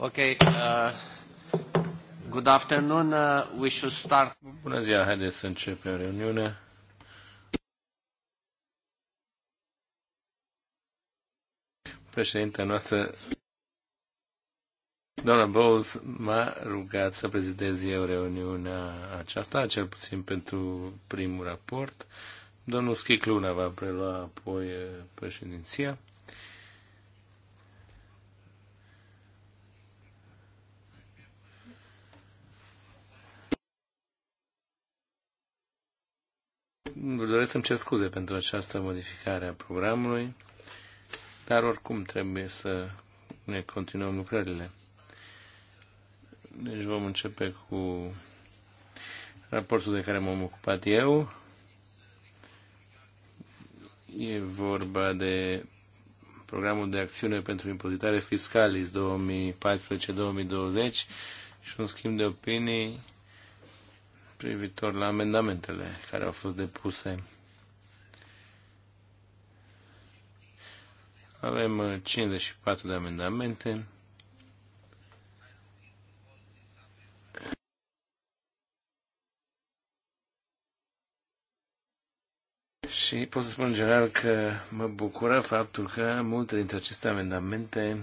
Okay. Uh, good afternoon. Uh, we should start. Bună ziua, haideți să începem reuniunea. Președintea noastră, doamna Bowles, m-a rugat să prezidez eu reuniunea aceasta, cel puțin pentru primul raport. Domnul Schicluna va prelua apoi uh, președinția. Vă doresc să-mi cer scuze pentru această modificare a programului, dar oricum trebuie să ne continuăm lucrările. Deci vom începe cu raportul de care m-am ocupat eu. E vorba de programul de acțiune pentru impozitare fiscalis 2014-2020 și un schimb de opinii privitor la amendamentele care au fost depuse. Avem 54 uh, de amendamente. Și pot să spun în general că mă bucură faptul că multe dintre aceste amendamente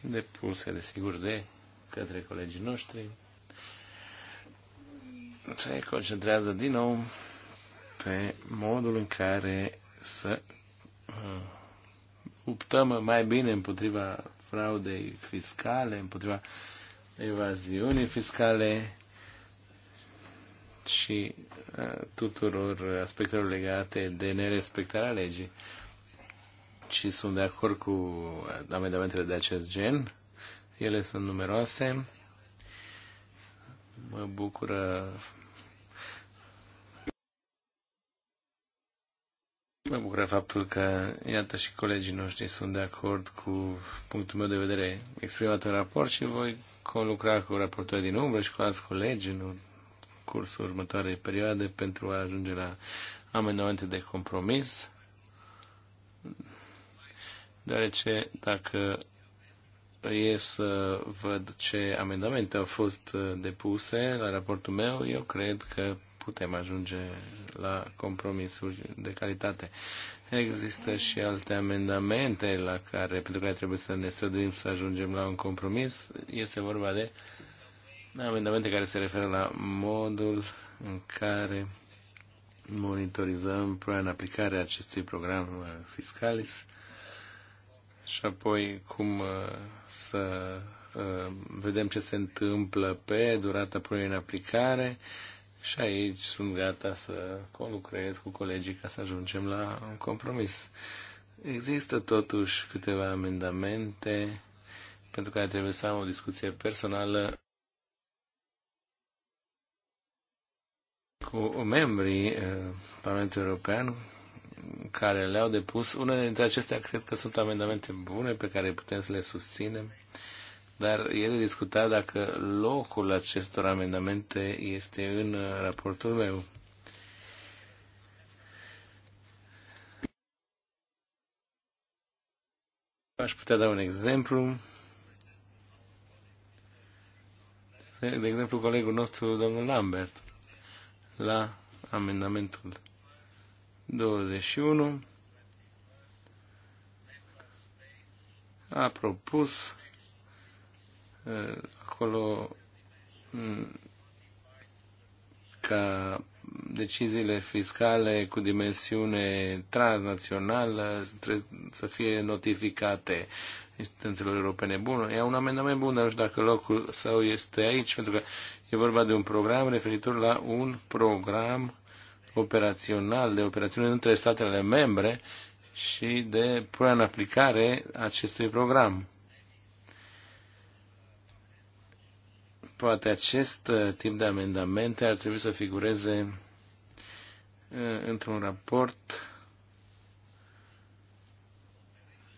depuse, desigur, de către colegii noștri, se concentrează din nou pe modul în care să uh, luptăm mai bine împotriva fraudei fiscale, împotriva evaziunii fiscale și uh, tuturor aspectelor legate de nerespectarea legii. Și sunt de acord cu amendamentele de acest gen. Ele sunt numeroase mă bucură Mă bucură faptul că, iată, și colegii noștri sunt de acord cu punctul meu de vedere exprimat în raport și voi conlucra cu raportul din umbră și cu alți colegi în cursul următoarei perioade pentru a ajunge la amendamente de compromis, deoarece dacă e să văd ce amendamente au fost uh, depuse la raportul meu. Eu cred că putem ajunge la compromisuri de calitate. Există și alte amendamente la care, pentru care trebuie să ne străduim să ajungem la un compromis. Este vorba de amendamente care se referă la modul în care monitorizăm până în aplicarea acestui program uh, Fiscalis și apoi cum uh, să uh, vedem ce se întâmplă pe durata punerii în aplicare și aici sunt gata să conlucrez cu colegii ca să ajungem la un compromis. Există totuși câteva amendamente pentru care trebuie să am o discuție personală cu membrii uh, Parlamentului European care le-au depus. Unele dintre acestea cred că sunt amendamente bune pe care putem să le susținem, dar e de discutat dacă locul acestor amendamente este în raportul meu. Aș putea da un exemplu. De exemplu, colegul nostru, domnul Lambert, la amendamentul 21 a propus acolo ca deciziile fiscale cu dimensiune transnațională să fie notificate instanțelor europene. Bun, e un amendament bun, dar nu știu dacă locul său este aici, pentru că e vorba de un program referitor la un program operațional, de operațiune între statele membre și de punerea în aplicare acestui program. Poate acest uh, tip de amendamente ar trebui să figureze uh, într-un raport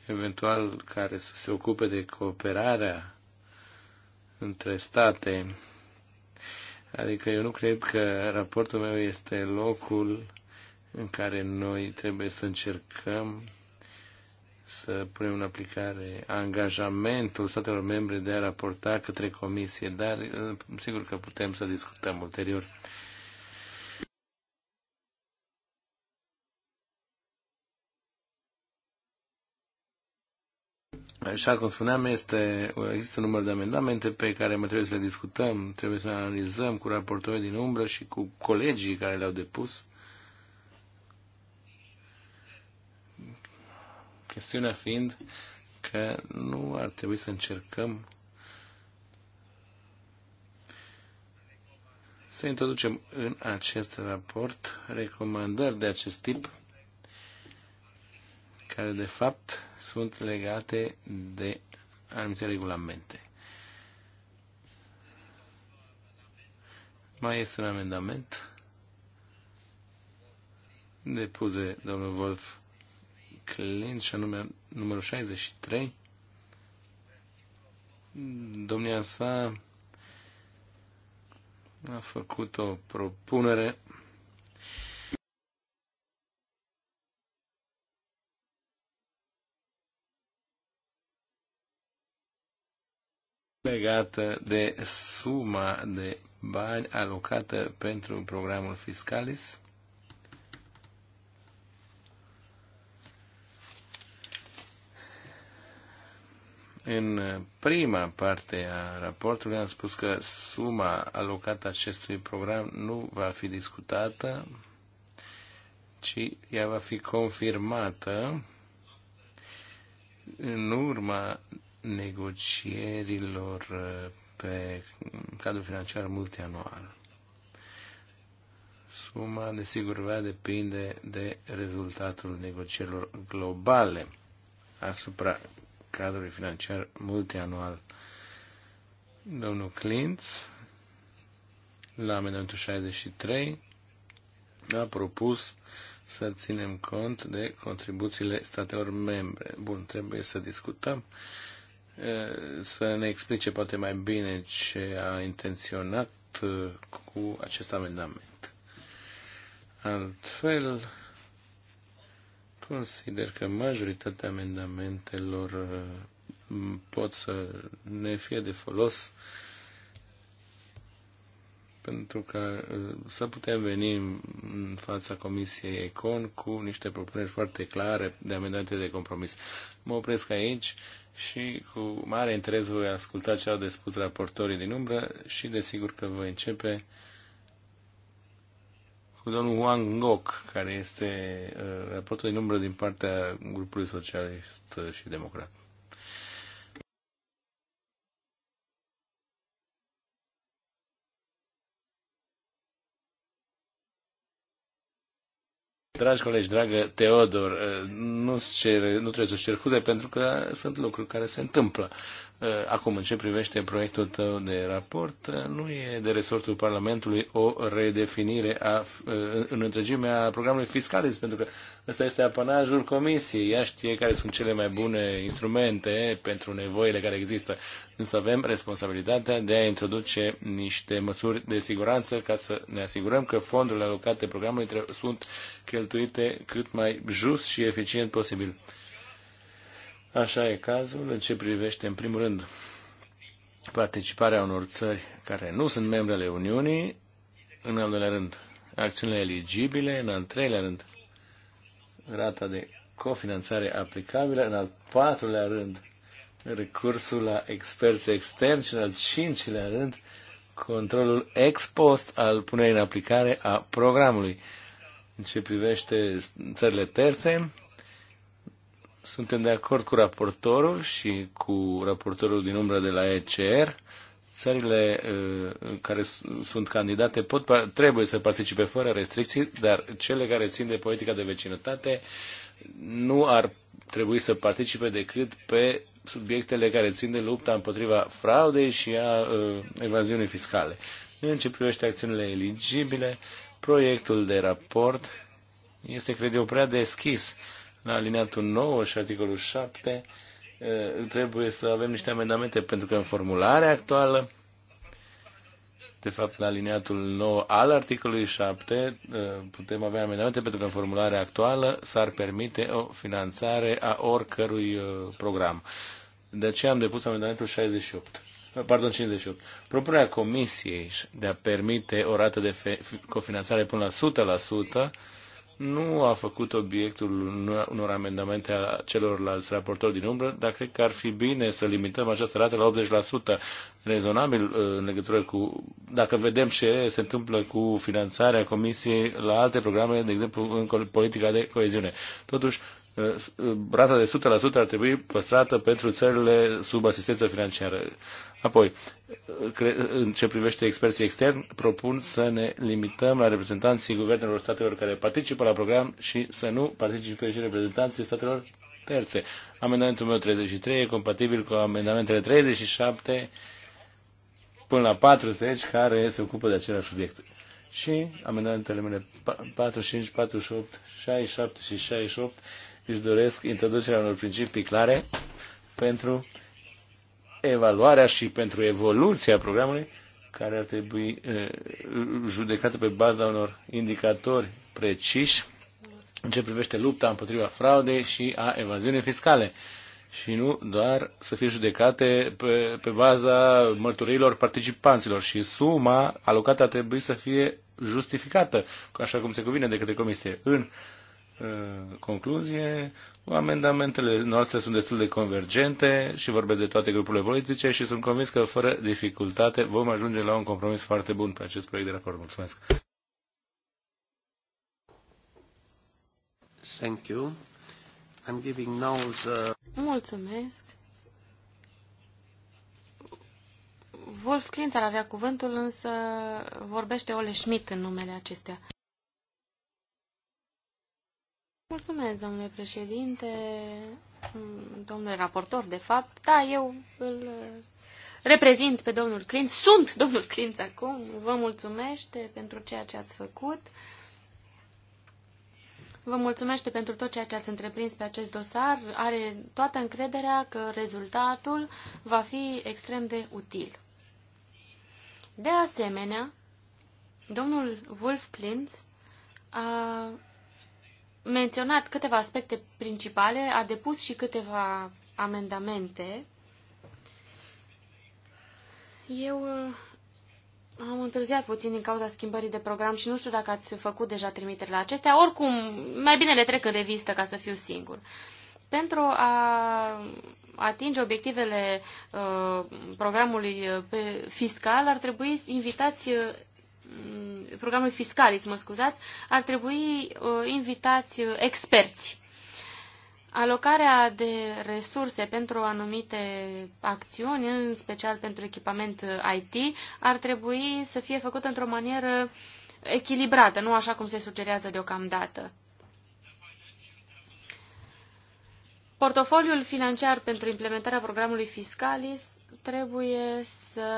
eventual care să se ocupe de cooperarea între state Adică eu nu cred că raportul meu este locul în care noi trebuie să încercăm să punem în aplicare angajamentul statelor membre de a raporta către comisie, dar sigur că putem să discutăm ulterior. Așa cum spuneam, este, există un număr de amendamente pe care mai trebuie să le discutăm, trebuie să le analizăm cu raportorii din umbră și cu colegii care le-au depus. Chestiunea fiind că nu ar trebui să încercăm să introducem în acest raport recomandări de acest tip care de fapt sunt legate de anumite regulamente. Mai este un amendament depus de domnul Wolf Klin și anume numărul 63. Domnia sa a făcut o propunere legată de suma de bani alocată pentru programul Fiscalis. În prima parte a raportului am spus că suma alocată acestui program nu va fi discutată, ci ea va fi confirmată în urma negocierilor uh, pe cadrul financiar multianual. Suma, desigur, va depinde de rezultatul negocierilor globale asupra cadrului financiar multianual. Domnul Clint, la amendamentul 63, a propus să ținem cont de contribuțiile statelor membre. Bun, trebuie să discutăm uh, să ne explice poate mai bine ce a intenționat uh, cu acest amendament. Altfel, consider că majoritatea amendamentelor uh, pot să ne fie de folos pentru că uh, să putem veni în fața Comisiei Econ cu niște propuneri foarte clare de amendamente de compromis. Mă opresc aici și cu mare interes voi asculta ce au de spus raportorii din umbră și desigur că voi începe cu domnul Wang Ngoc, care este uh, raportul din umbră din partea grupului socialist și democrat. Dragi colegi, dragă Teodor, eh, nu, cer, nu trebuie să-ți cer scuze pentru că sunt lucruri care se întâmplă. Eh, acum, în ce privește proiectul tău de raport, eh, nu e de resortul Parlamentului o redefinire a, eh, în întregimea programului fiscalis, pentru că ăsta este apanajul Comisiei. Ea știe care sunt cele mai bune instrumente pentru nevoile care există. Însă avem responsabilitatea de a introduce niște măsuri de siguranță ca să ne asigurăm că fondurile alocate programului sunt cheltuite cât mai just și eficient posibil. Așa e cazul în ce privește, în primul rând, participarea unor țări care nu sunt membre ale Uniunii, în al doilea rând, acțiunile eligibile, în al treilea rând, rata de cofinanțare aplicabilă, în al patrulea rând, recursul la experți externi și în al cincilea rând, controlul ex post al punerii în aplicare a programului. În ce privește țările terțe, suntem de acord cu raportorul și cu raportorul din umbră de la ECR. Țările uh, care sunt candidate pot, trebuie să participe fără restricții, dar cele care țin de politica de vecinătate nu ar trebui să participe decât pe subiectele care țin de lupta împotriva fraudei și a uh, evaziunii fiscale. În ce privește acțiunile eligibile, proiectul de raport este, cred eu, prea deschis la alineatul 9 și articolul 7 trebuie să avem niște amendamente pentru că în formularea actuală de fapt, la aliniatul 9 al articolului 7 putem avea amendamente pentru că în formularea actuală s-ar permite o finanțare a oricărui program. De aceea am depus amendamentul 68. Pardon, 58. Propunerea Comisiei de a permite o rată de cofinanțare până la nu a făcut obiectul unor amendamente a celorlalți raportori din umbră, dar cred că ar fi bine să limităm această rată la 80%, rezonabil uh, în legătură cu, dacă vedem ce se întâmplă cu finanțarea Comisiei la alte programe, de exemplu în politica de coeziune. Totuși, Uh, rata de 100% ar trebui păstrată pentru țările sub asistență financiară. Apoi, uh, uh, în ce privește experții externi, propun să ne limităm la reprezentanții guvernelor statelor care participă la program și să nu participe și reprezentanții statelor terțe. Amendamentul meu 33 e compatibil cu amendamentele 37 până la 40 care se ocupă de același subiect. Și amendamentele mele 45, 48, 67 și 68 își doresc introducerea unor principii clare pentru evaluarea și pentru evoluția programului care ar trebui eh, judecată pe baza unor indicatori preciși în ce privește lupta împotriva fraudei și a evaziunii fiscale și nu doar să fie judecate pe, pe baza mărturilor participanților și suma alocată ar trebui să fie justificată, așa cum se cuvine de către comisie. În Uh, concluzie, amendamentele noastre sunt destul de convergente și vorbesc de toate grupurile politice și sunt convins că fără dificultate vom ajunge la un compromis foarte bun pe acest proiect de raport. Mulțumesc! Thank you. I'm giving now the... Mulțumesc! Wolf Klintz ar avea cuvântul, însă vorbește Ole Schmidt în numele acestea. Mulțumesc, domnule președinte, domnule raportor, de fapt. Da, eu îl reprezint pe domnul Clint. Sunt domnul Clint acum. Vă mulțumește pentru ceea ce ați făcut. Vă mulțumește pentru tot ceea ce ați întreprins pe acest dosar. Are toată încrederea că rezultatul va fi extrem de util. De asemenea, domnul Wolf Clint a menționat câteva aspecte principale, a depus și câteva amendamente. Eu uh, am întârziat puțin din cauza schimbării de program și nu știu dacă ați făcut deja trimiterile. acestea. Oricum, mai bine le trec în revistă ca să fiu singur. Pentru a atinge obiectivele uh, programului uh, fiscal, ar trebui invitați uh, Mm, programului fiscalism, mă scuzați, ar trebui uh, invitați uh, experți. Alocarea de resurse pentru anumite acțiuni, în special pentru echipament uh, IT, ar trebui să fie făcută într-o manieră echilibrată, nu așa cum se sugerează deocamdată. Portofoliul financiar pentru implementarea programului Fiscalis trebuie să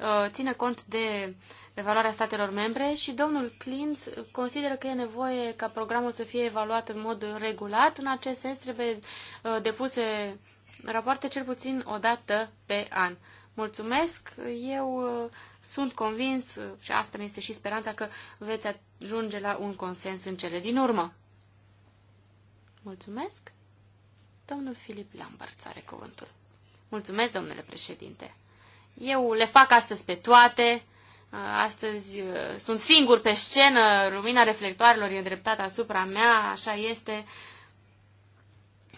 uh, țină cont de evaluarea statelor membre și domnul Clint consideră că e nevoie ca programul să fie evaluat în mod regulat. În acest sens trebuie uh, depuse rapoarte cel puțin o dată pe an. Mulțumesc, eu uh, sunt convins și asta mi este și speranța că veți ajunge la un consens în cele din urmă. Mulțumesc. Domnul Filip Lambert are cuvântul. Mulțumesc, domnule președinte. Eu le fac astăzi pe toate. Astăzi uh, sunt singur pe scenă, lumina reflectoarelor e îndreptată asupra mea, așa este.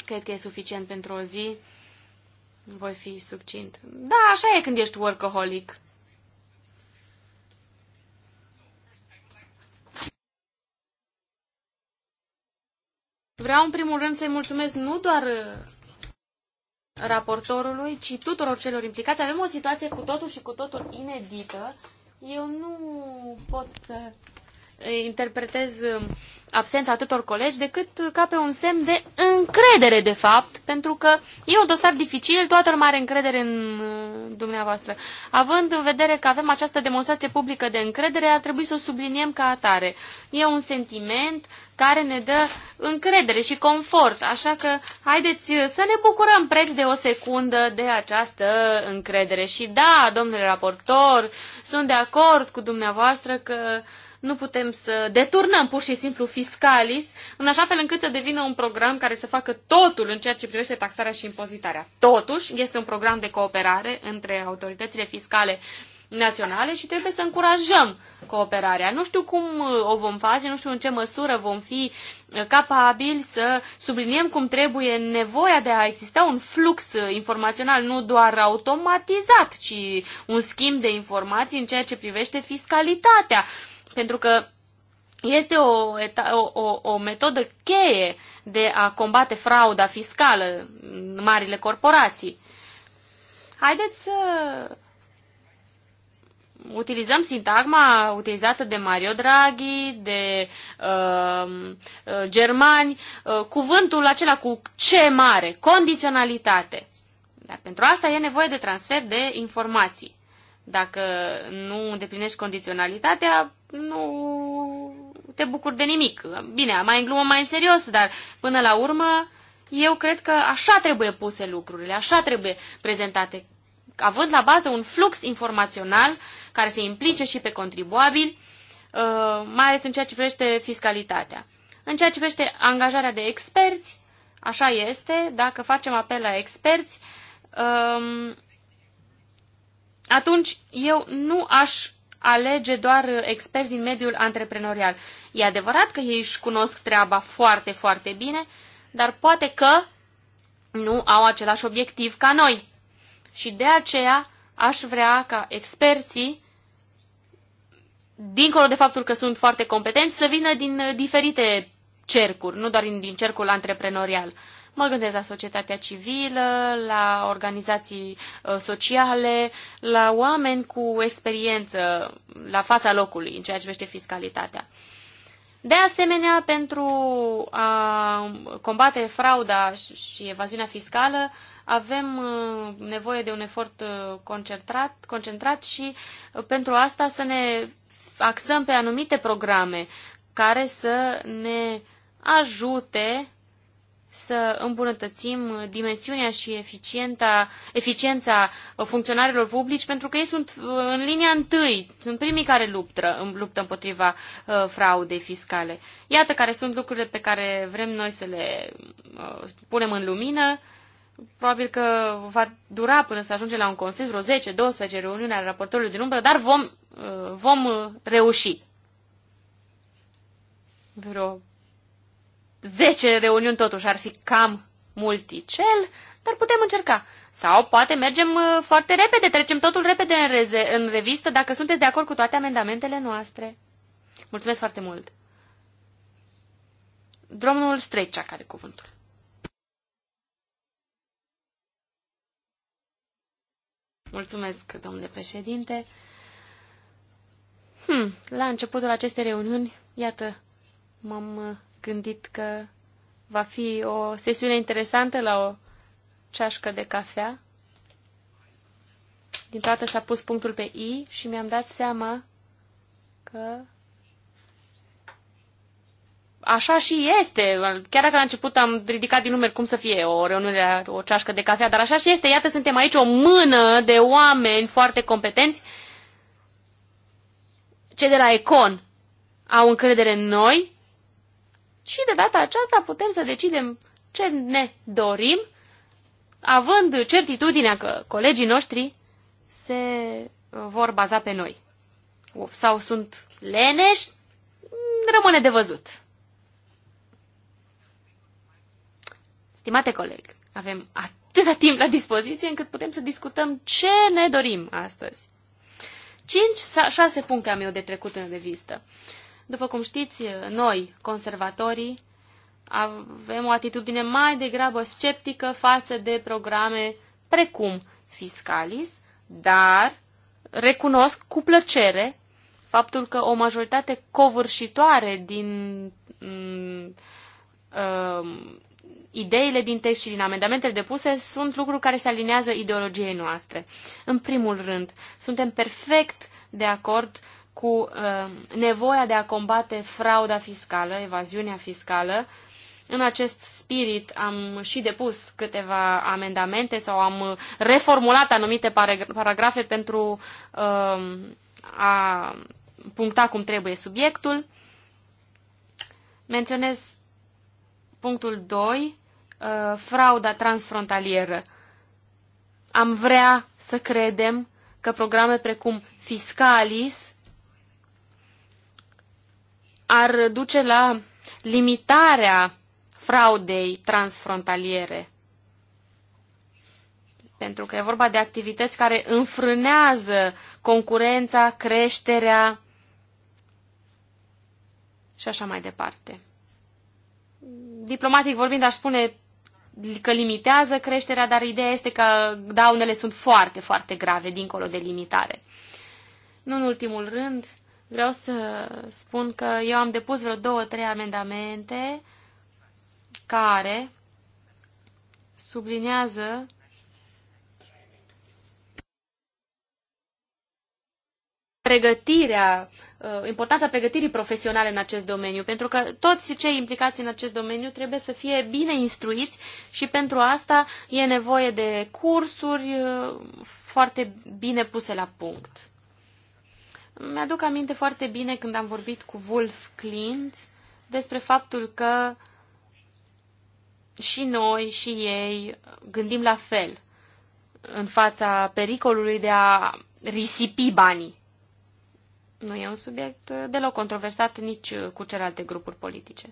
Cred că e suficient pentru o zi. Voi fi succint. Da, așa e când ești workaholic. Vreau în primul rând să-i mulțumesc nu doar uh, raportorului, ci tuturor celor implicați. Avem o situație cu totul și cu totul inedită. Eu nu pot să interpretez um, absența atâtor colegi decât ca pe un semn de încredere, de fapt, pentru că e un dosar dificil, toată lumea are încredere în uh, dumneavoastră. Având în vedere că avem această demonstrație publică de încredere, ar trebui să o subliniem ca atare. E un sentiment care ne dă încredere și confort, așa că haideți uh, să ne bucurăm preț de o secundă de această încredere. Și da, domnule raportor, sunt de acord cu dumneavoastră că uh, nu putem să deturnăm pur și simplu fiscalis în așa fel încât să devină un program care să facă totul în ceea ce privește taxarea și impozitarea. Totuși, este un program de cooperare între autoritățile fiscale naționale și trebuie să încurajăm cooperarea. Nu știu cum uh, o vom face, nu știu în ce măsură vom fi uh, capabili să subliniem cum trebuie nevoia de a exista un flux uh, informațional nu doar automatizat, ci un schimb de informații în ceea ce privește fiscalitatea pentru că este o, o, o, o metodă cheie de a combate frauda fiscală în marile corporații. Haideți să utilizăm sintagma utilizată de Mario Draghi, de uh, uh germani, uh, cuvântul acela cu ce mare, condiționalitate. Dar pentru asta e nevoie de transfer de informații. Dacă nu îndeplinești condiționalitatea, nu te bucuri de nimic. Bine, mai în glumă, mai în serios, dar până la urmă eu cred că așa trebuie puse lucrurile, așa trebuie prezentate, având la bază un flux informațional care se implice și pe contribuabil, uh, mai ales în ceea ce privește fiscalitatea. În ceea ce privește angajarea de experți, așa este, dacă facem apel la experți, um, atunci eu nu aș alege doar uh, experți din mediul antreprenorial. E adevărat că ei își cunosc treaba foarte, foarte bine, dar poate că nu au același obiectiv ca noi. Și de aceea aș vrea ca experții, dincolo de faptul că sunt foarte competenți, să vină din uh, diferite cercuri, nu doar din, cercul antreprenorial. Mă gândesc la societatea civilă, la organizații uh, sociale, la oameni cu experiență la fața locului în ceea ce privește fiscalitatea. De asemenea, pentru a combate frauda și evaziunea fiscală, avem uh, nevoie de un efort uh, concentrat, concentrat și pentru asta să ne axăm pe anumite programe care să ne ajute să îmbunătățim dimensiunea și eficienta, eficiența funcționarilor publici, pentru că ei sunt uh, în linia întâi, sunt primii care luptă, luptă împotriva uh, fraudei fiscale. Iată care sunt lucrurile pe care vrem noi să le uh, punem în lumină. Probabil că va dura până să ajungem la un consens, vreo 10-12 reuniuni ale raportorului din umbră, dar vom, vom reuși. Vreo Zece reuniuni totuși ar fi cam multicel, dar putem încerca. Sau poate mergem uh, foarte repede, trecem totul repede în, reze- în revistă dacă sunteți de acord cu toate amendamentele noastre. Mulțumesc foarte mult. Domnul Strecea care cuvântul. Mulțumesc, domnule președinte. Hmm, la începutul acestei reuniuni, iată, m-am uh, gândit că va fi o sesiune interesantă la o ceașcă de cafea. Din toată s-a pus punctul pe I și mi-am dat seama că așa și este. Chiar dacă la început am ridicat din numeri cum să fie o reuniune o ceașcă de cafea, dar așa și este. Iată, suntem aici o mână de oameni foarte competenți. Cei de la Econ au încredere în noi și de data aceasta putem să decidem ce ne dorim, având certitudinea că colegii noștri se uh, vor baza pe noi. Sau sunt leneși, rămâne de văzut. Stimate coleg, avem atâta timp la dispoziție încât putem să discutăm ce ne dorim astăzi. 5-6 puncte am eu de trecut în revistă. Uh, după cum știți, noi, conservatorii, avem o atitudine mai degrabă sceptică față de programe precum Fiscalis, dar recunosc cu plăcere faptul că o majoritate covârșitoare din mm, um, ideile din text și din amendamentele depuse sunt lucruri care se alinează ideologiei noastre. În primul rând, suntem perfect de acord cu uh, nevoia de a combate frauda fiscală, evaziunea fiscală. În acest spirit am și depus câteva amendamente sau am reformulat anumite paragrafe pentru uh, a puncta cum trebuie subiectul. Menționez punctul 2, uh, frauda transfrontalieră. Am vrea să credem că programe precum Fiscalis ar duce la limitarea fraudei transfrontaliere. Pentru că e vorba de activități care înfrânează concurența, creșterea și așa mai departe. Diplomatic vorbind, aș spune că limitează creșterea, dar ideea este că daunele sunt foarte, foarte grave dincolo de limitare. Nu în ultimul rând, vreau să spun că eu am depus vreo două, trei amendamente care sublinează pregătirea, uh, importanța pregătirii profesionale în acest domeniu, pentru că toți cei implicați în acest domeniu trebuie să fie bine instruiți și pentru asta e nevoie de cursuri uh, foarte bine puse la punct. Mi-aduc aminte foarte bine când am vorbit cu Wolf Klint despre faptul că și noi și ei gândim la fel în fața pericolului de a risipi banii. Nu e un subiect deloc controversat nici cu celelalte grupuri politice.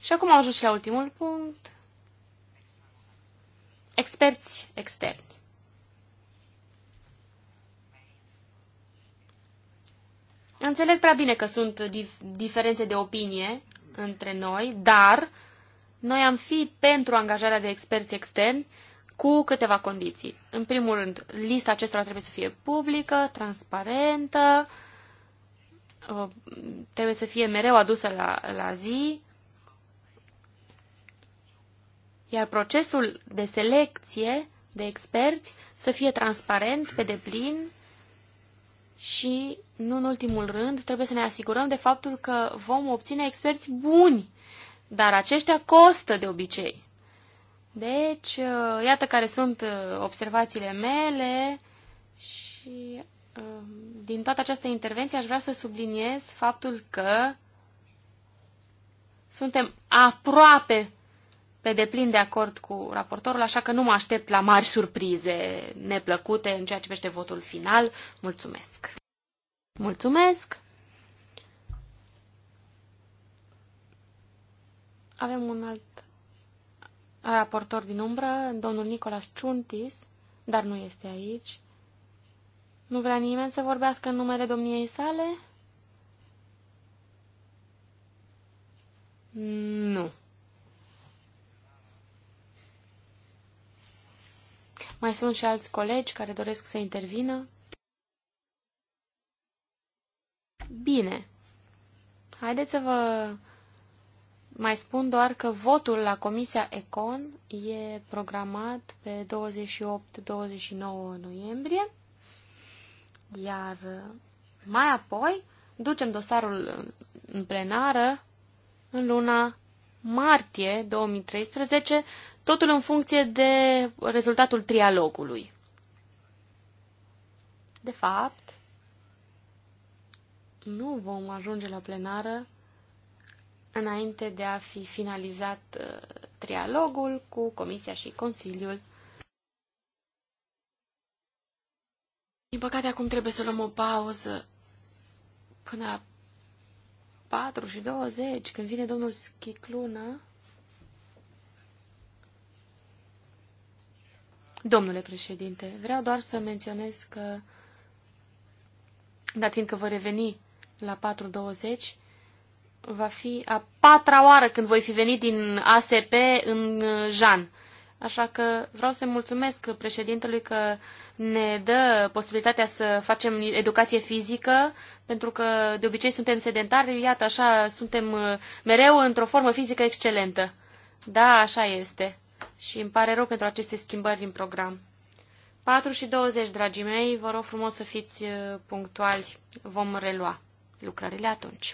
Și acum am ajuns și la ultimul punct. Experți externi. Înțeleg prea bine că sunt dif- diferențe de opinie între noi, dar noi am fi pentru angajarea de experți externi cu câteva condiții. În primul rând, lista acestora trebuie să fie publică, transparentă, uh, trebuie să fie mereu adusă la, la zi, iar procesul de selecție de experți să fie transparent pe deplin și, nu în ultimul rând, trebuie să ne asigurăm de faptul că vom obține experți buni, dar aceștia costă de obicei. Deci, uh, iată care sunt uh, observațiile mele și um, din toată această intervenție aș vrea să subliniez faptul că suntem aproape pe deplin de acord cu raportorul, așa că nu mă aștept la mari surprize neplăcute în ceea ce privește votul final. Mulțumesc! Mulțumesc! Avem un alt raportor din umbră, domnul Nicolas Ciuntis, dar nu este aici. Nu vrea nimeni să vorbească în numele domniei sale? Nu. Mai sunt și alți colegi care doresc să intervină? Bine. Haideți să vă mai spun doar că votul la Comisia Econ e programat pe 28-29 noiembrie, iar mai apoi ducem dosarul în plenară în luna martie 2013 totul în funcție de rezultatul trialogului. De fapt, nu vom ajunge la plenară înainte de a fi finalizat uh, trialogul cu Comisia și Consiliul. Din păcate, acum trebuie să luăm o pauză până la 4 și 20, când vine domnul Schicluna. Domnule președinte, vreau doar să menționez că, dat fiindcă voi reveni la 4.20, va fi a patra oară când voi fi venit din ASP în uh, Jan. Așa că vreau să mulțumesc președintelui că ne dă posibilitatea să facem educație fizică, pentru că de obicei suntem sedentari, iată, așa suntem uh, mereu într-o formă fizică excelentă. Da, așa este și îmi pare rău pentru aceste schimbări din program. 4 și 20, dragii mei, vă rog frumos să fiți uh, punctuali. Vom relua lucrările atunci.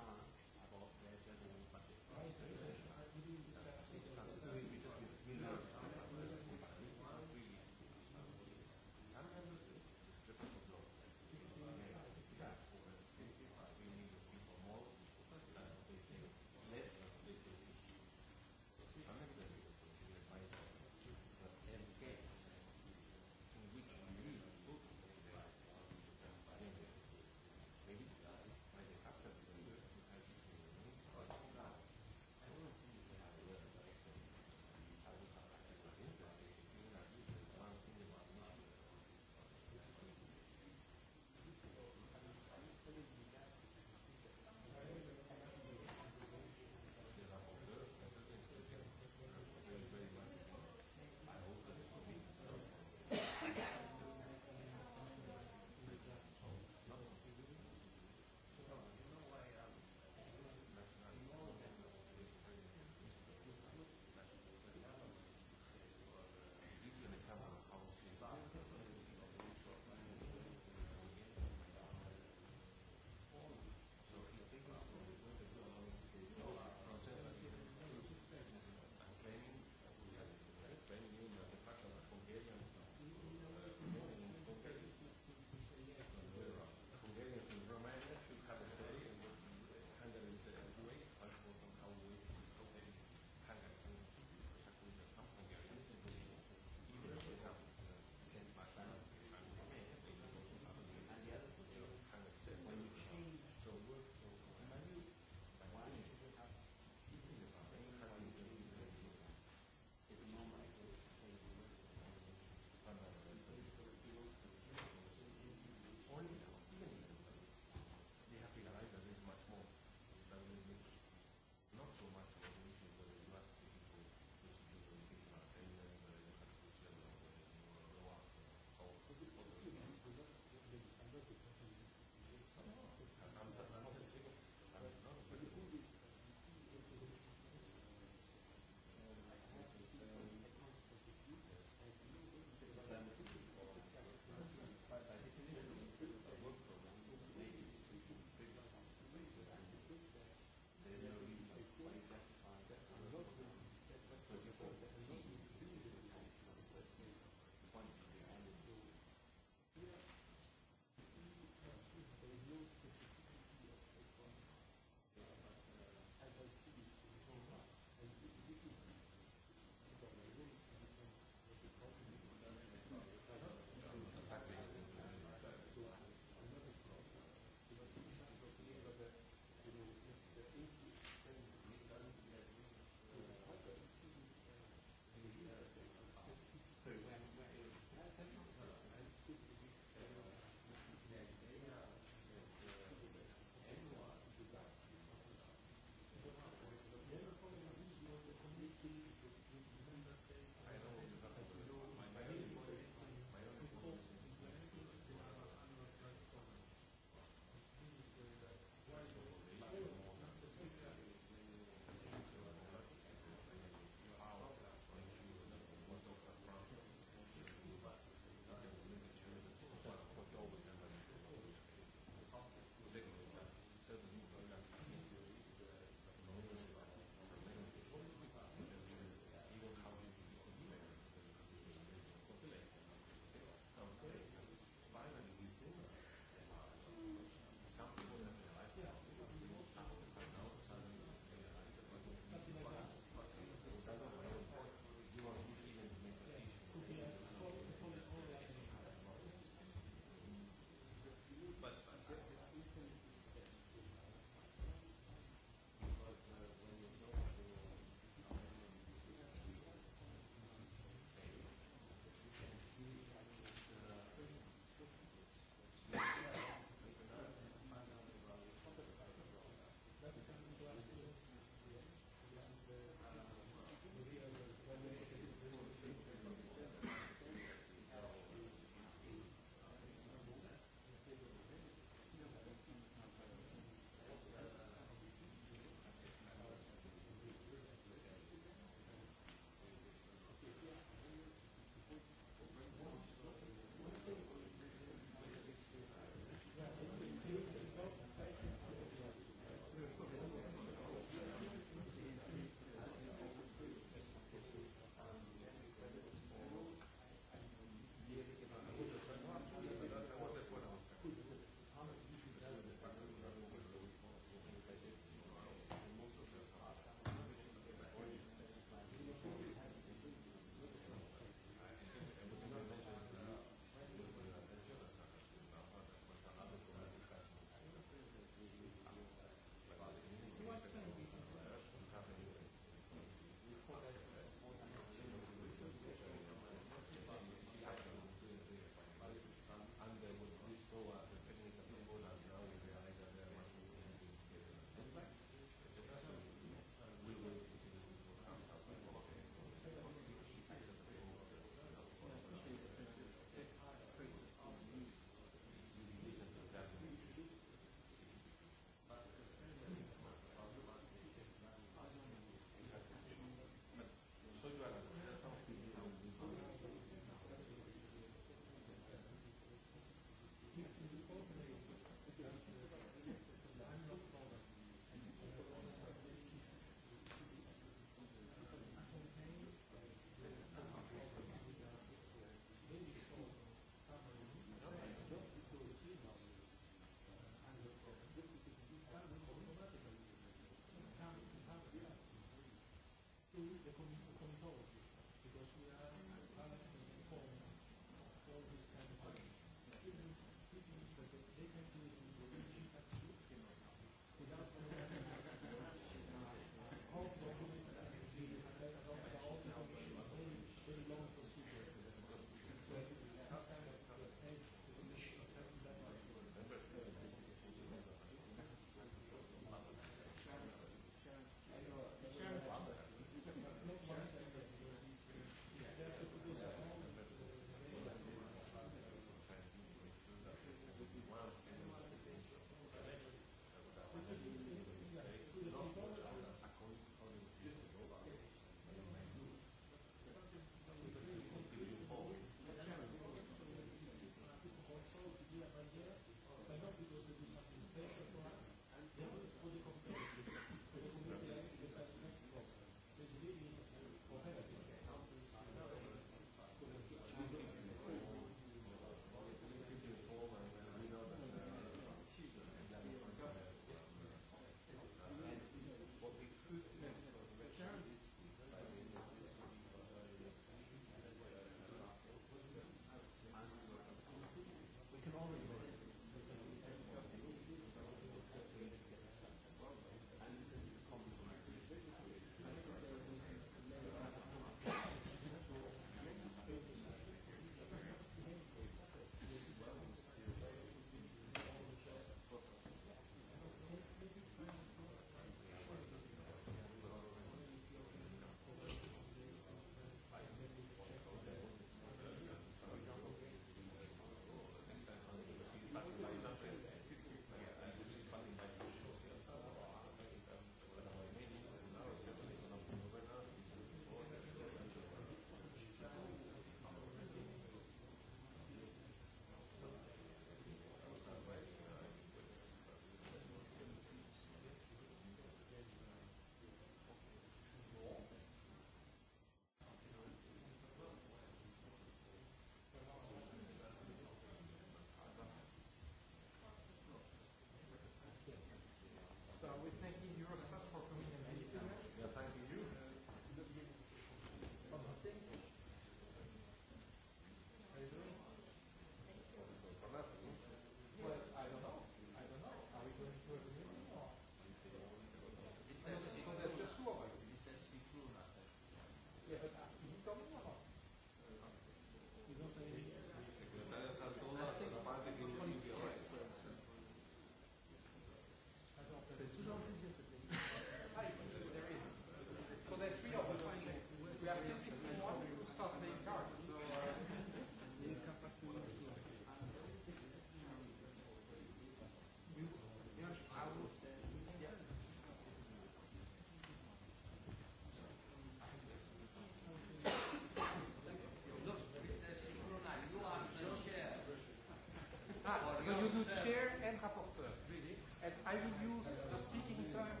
you, you do chair and rapporteur. Really? And I will use the speaking time.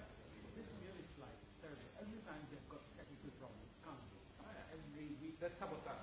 This really flight is terrible. Every time they've got technical problems, it's coming. Every week. That's sabotage.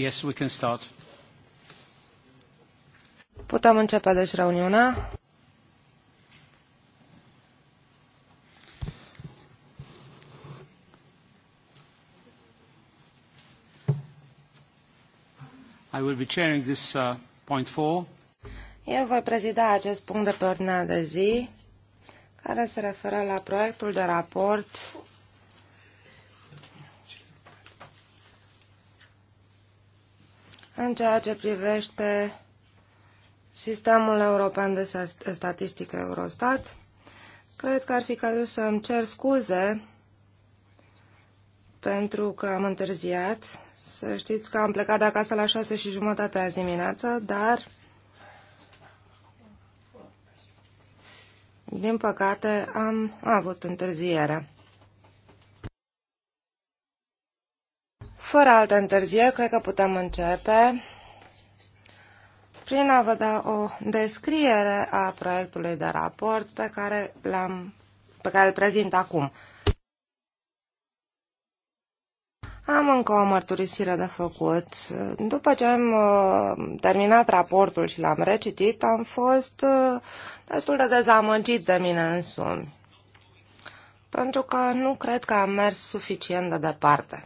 Yes, we can start. Putem începe deci reuniunea. I will be chairing this uh, point four. Eu voi prezida acest punct de pe ordinea de zi, care se referă la proiectul de raport în ceea ce privește sistemul european de statistică Eurostat. Cred că ar fi cazul să îmi cer scuze pentru că am întârziat. Să știți că am plecat de acasă la șase și jumătate azi dimineață, dar din păcate am avut întârzierea. Fără altă întârziere, cred că putem începe prin a vă da o descriere a proiectului de raport pe care, l-am, pe care îl prezint acum. Am încă o mărturisire de făcut. După ce am uh, terminat raportul și l-am recitit, am fost uh, destul de dezamăgit de mine însumi, pentru că nu cred că am mers suficient de departe.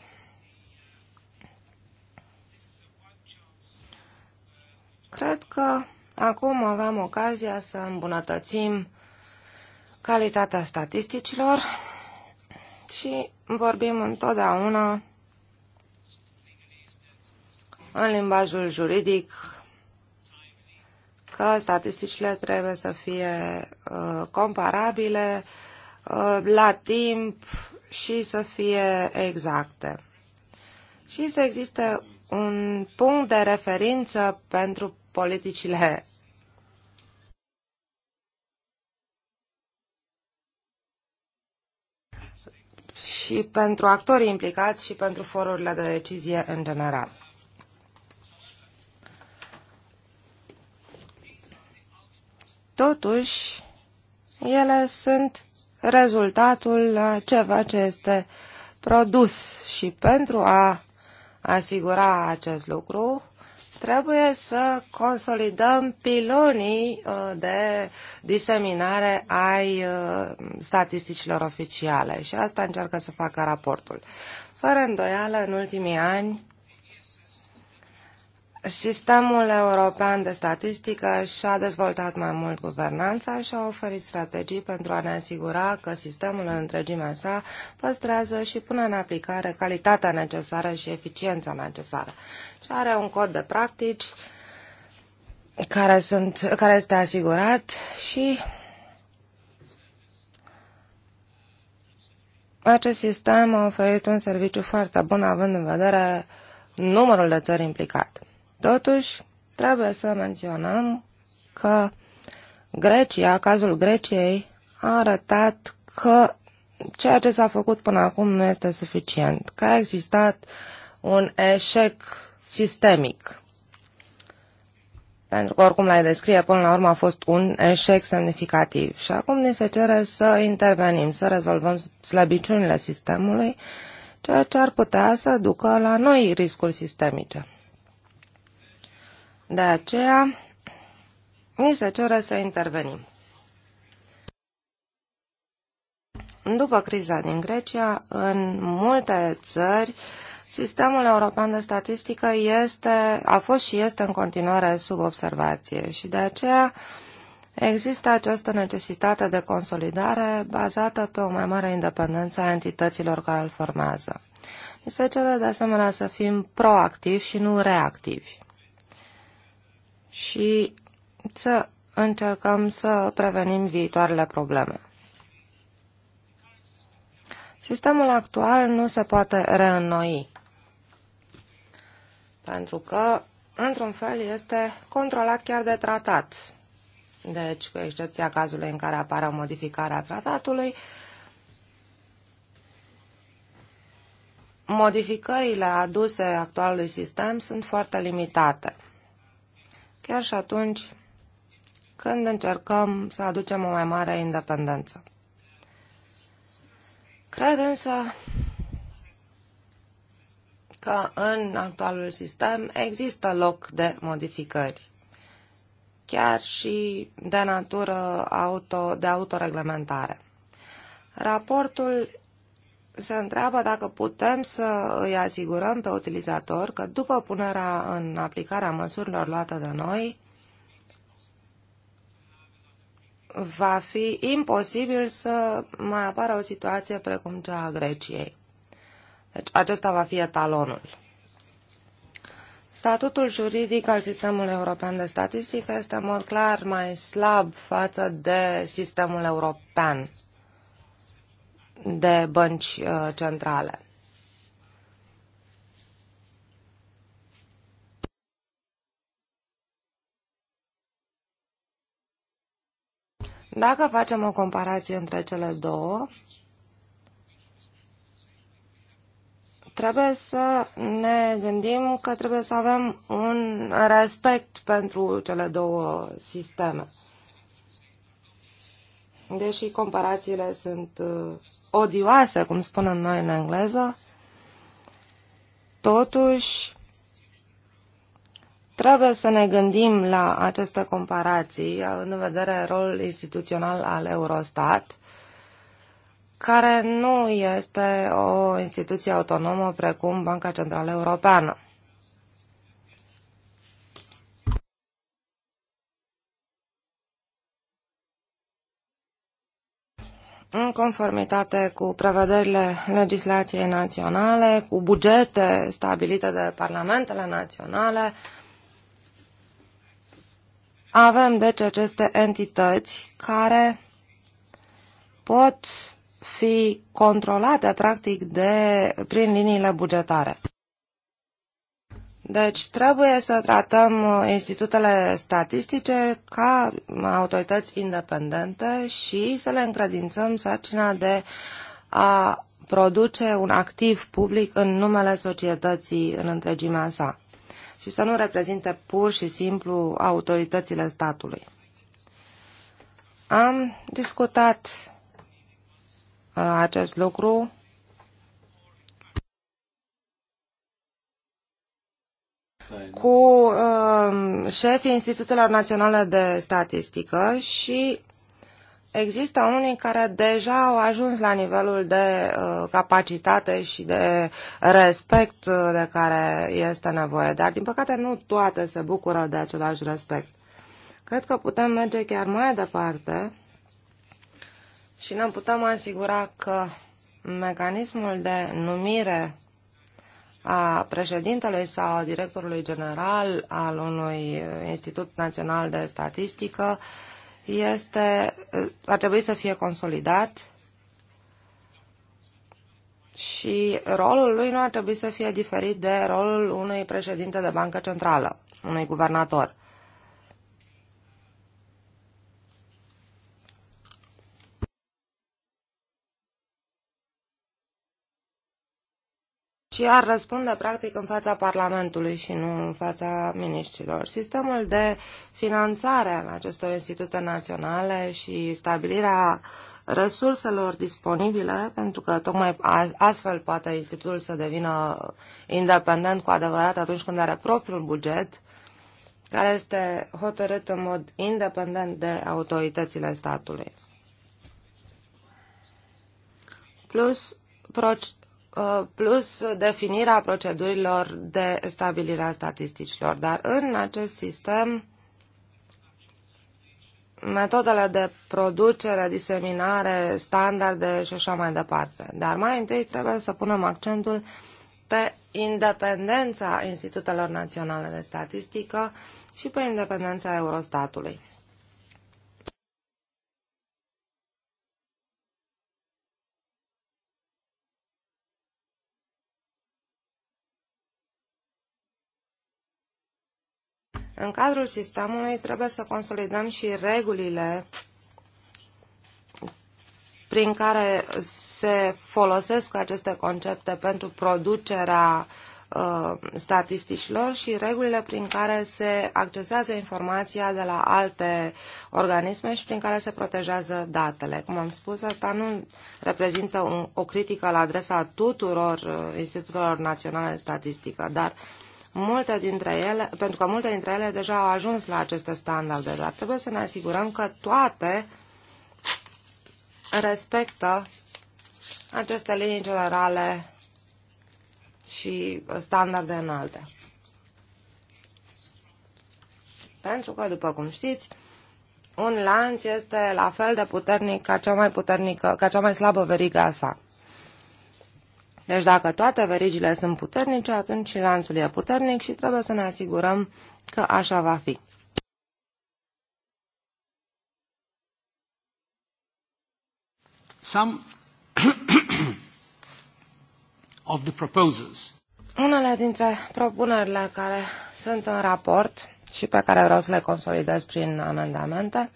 Cred că acum avem ocazia să îmbunătățim calitatea statisticilor și vorbim întotdeauna în limbajul juridic că statisticile trebuie să fie uh, comparabile uh, la timp și să fie exacte. Și să existe un punct de referință pentru politicile și pentru actorii implicați și pentru forurile de decizie în general. Totuși, ele sunt rezultatul la ceva ce este produs și pentru a asigura acest lucru, trebuie să consolidăm pilonii uh, de diseminare ai uh, statisticilor oficiale și asta încearcă să facă raportul. Fără îndoială, în ultimii ani, Sistemul european de statistică și-a dezvoltat mai mult guvernanța și a oferit strategii pentru a ne asigura că sistemul în întregimea sa păstrează și pune în aplicare calitatea necesară și eficiența necesară. Și are un cod de practici care, sunt, care este asigurat și acest sistem a oferit un serviciu foarte bun având în vedere numărul de țări implicate. Totuși, trebuie să menționăm că Grecia, cazul Greciei, a arătat că ceea ce s-a făcut până acum nu este suficient, că a existat un eșec sistemic. Pentru că oricum l-ai descrie, până la urmă a fost un eșec semnificativ. Și acum ni se cere să intervenim, să rezolvăm slăbiciunile sistemului, ceea ce ar putea să ducă la noi riscuri sistemice. De aceea, ni se cere să intervenim. După criza din Grecia, în multe țări, sistemul european de statistică este, a fost și este în continuare sub observație și de aceea există această necesitate de consolidare bazată pe o mai mare independență a entităților care îl formează. Ni se cere de asemenea să fim proactivi și nu reactivi și să încercăm să prevenim viitoarele probleme. Sistemul actual nu se poate reînnoi, pentru că, într-un fel, este controlat chiar de tratat. Deci, cu excepția cazului în care apare o modificare a tratatului, modificările aduse actualului sistem sunt foarte limitate chiar și atunci când încercăm să aducem o mai mare independență. Cred însă că în actualul sistem există loc de modificări, chiar și de natură auto, de autoreglementare. Raportul se întreabă dacă putem să îi asigurăm pe utilizator că după punerea în aplicarea măsurilor luate de noi, va fi imposibil să mai apară o situație precum cea a Greciei. Deci acesta va fi etalonul. Statutul juridic al sistemului european de statistică este în mod clar mai slab față de sistemul european de bănci uh, centrale. Dacă facem o comparație între cele două, trebuie să ne gândim că trebuie să avem un respect pentru cele două sisteme deși comparațiile sunt uh, odioase, cum spunem noi în engleză, totuși trebuie să ne gândim la aceste comparații, având în vedere rolul instituțional al Eurostat, care nu este o instituție autonomă precum Banca Centrală Europeană. în conformitate cu prevederile legislației naționale, cu bugete stabilite de parlamentele naționale. Avem, deci, aceste entități care pot fi controlate, practic, de, prin liniile bugetare. Deci trebuie să tratăm uh, institutele statistice ca uh, autorități independente și să le încredințăm sarcina de a produce un activ public în numele societății în întregimea sa și să nu reprezinte pur și simplu autoritățile statului. Am discutat uh, acest lucru cu uh, șefii Institutelor Naționale de Statistică și există unii care deja au ajuns la nivelul de uh, capacitate și de respect uh, de care este nevoie, dar din păcate nu toate se bucură de același respect. Cred că putem merge chiar mai departe și ne putem asigura că mecanismul de numire a președintelui sau a directorului general al unui Institut Național de Statistică este, ar trebui să fie consolidat și rolul lui nu ar trebui să fie diferit de rolul unui președinte de bancă centrală, unui guvernator. ci ar răspunde practic în fața Parlamentului și nu în fața miniștrilor. Sistemul de finanțare al acestor institute naționale și stabilirea resurselor disponibile, pentru că tocmai astfel poate institutul să devină independent cu adevărat atunci când are propriul buget, care este hotărât în mod independent de autoritățile statului. Plus, Uh, plus definirea procedurilor de stabilire a statisticilor. Dar în acest sistem, metodele de producere, diseminare, standarde și așa mai departe. Dar mai întâi trebuie să punem accentul pe independența institutelor naționale de statistică și pe independența Eurostatului. În cadrul sistemului trebuie să consolidăm și regulile prin care se folosesc aceste concepte pentru producerea uh, statisticilor și regulile prin care se accesează informația de la alte organisme și prin care se protejează datele. Cum am spus, asta nu reprezintă un, o critică la adresa tuturor uh, institutelor naționale de statistică, dar uh, multe dintre ele, pentru că multe dintre ele deja au ajuns la aceste standarde, dar trebuie să ne asigurăm că toate respectă aceste linii generale și standarde înalte. Pentru că, după cum știți, un lanț este la fel de puternic ca cea mai, puternică, ca cea mai slabă veriga a sa. Deci dacă toate verigile sunt puternice, atunci și lanțul e puternic și trebuie să ne asigurăm că așa va fi. Some of the proposals. Unele dintre propunerile care sunt în raport și pe care vreau să le consolidez prin amendamente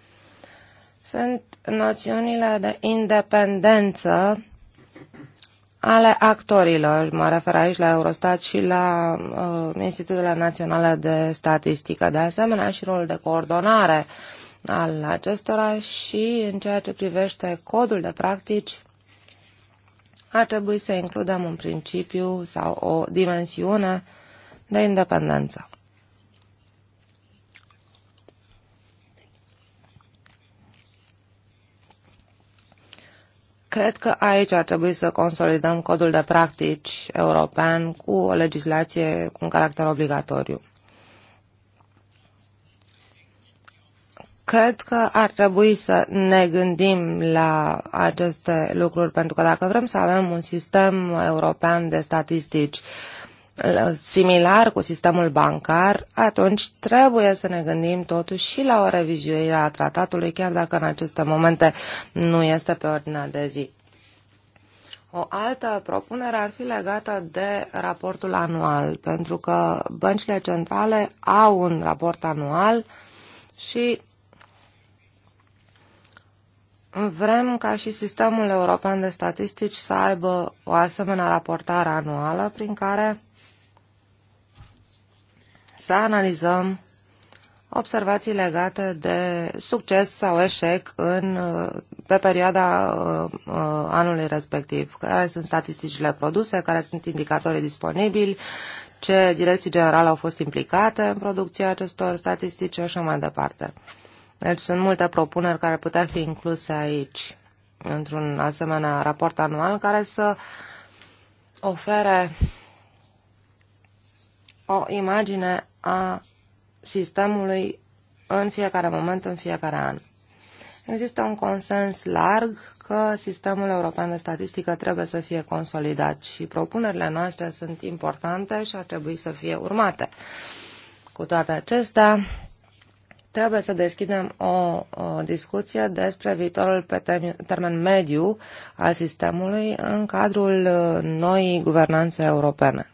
sunt noțiunile de independență ale actorilor. Mă refer aici la Eurostat și la uh, Institutele Naționale de Statistică, de asemenea și rolul de coordonare al acestora și în ceea ce privește codul de practici ar trebui să includem un principiu sau o dimensiune de independență. Cred că aici ar trebui să consolidăm codul de practici european cu o legislație cu un caracter obligatoriu. Cred că ar trebui să ne gândim la aceste lucruri, pentru că dacă vrem să avem un sistem european de statistici uh, similar cu sistemul bancar, atunci trebuie să ne gândim totuși și la o revizuire a tratatului, chiar dacă în aceste momente nu este pe ordinea de zi. O altă propunere ar fi legată de raportul anual, pentru că băncile centrale au un raport anual și Vrem ca și sistemul european de statistici să aibă o asemenea raportare anuală prin care să analizăm observații legate de succes sau eșec în, uh, pe perioada uh, uh, anului respectiv, care sunt statisticile produse, care sunt indicatorii disponibili, ce direcții generale au fost implicate în producția acestor statistici și așa mai departe. Deci sunt multe propuneri care putea fi incluse aici, într-un asemenea raport anual, care să ofere o imagine a sistemului în fiecare moment, în fiecare an. Există un consens larg că sistemul european de statistică trebuie să fie consolidat și propunerile noastre sunt importante și ar trebui să fie urmate. Cu toate acestea, trebuie să deschidem o, o discuție despre viitorul pe termen, mediu al sistemului în cadrul uh, noii guvernanțe europene.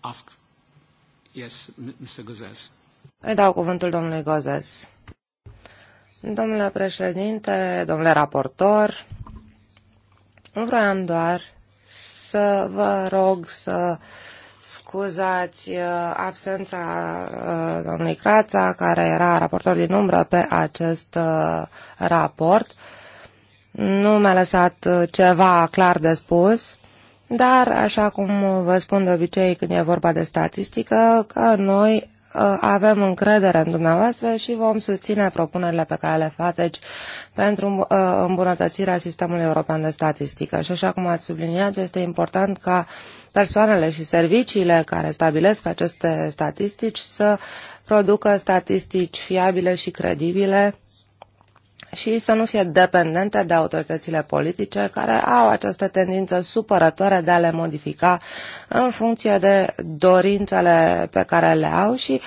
ask. Yes, Mr. Gozes. Îi dau cuvântul domnului Gozes. Domnule președinte, domnule raportor, vreau doar să vă rog să scuzați uh, absența uh, domnului Crața, care era raportor din umbră pe acest uh, raport. Nu mi-a lăsat ceva clar de spus dar, așa cum vă spun de obicei când e vorba de statistică, că noi ă, avem încredere în dumneavoastră și vom susține propunerile pe care le faceți pentru ă, îmbunătățirea sistemului european de statistică. Și așa cum ați subliniat, este important ca persoanele și serviciile care stabilesc aceste statistici să producă statistici fiabile și credibile și să nu fie dependente de autoritățile politice care au această tendință supărătoare de a le modifica în funcție de dorințele pe care le au și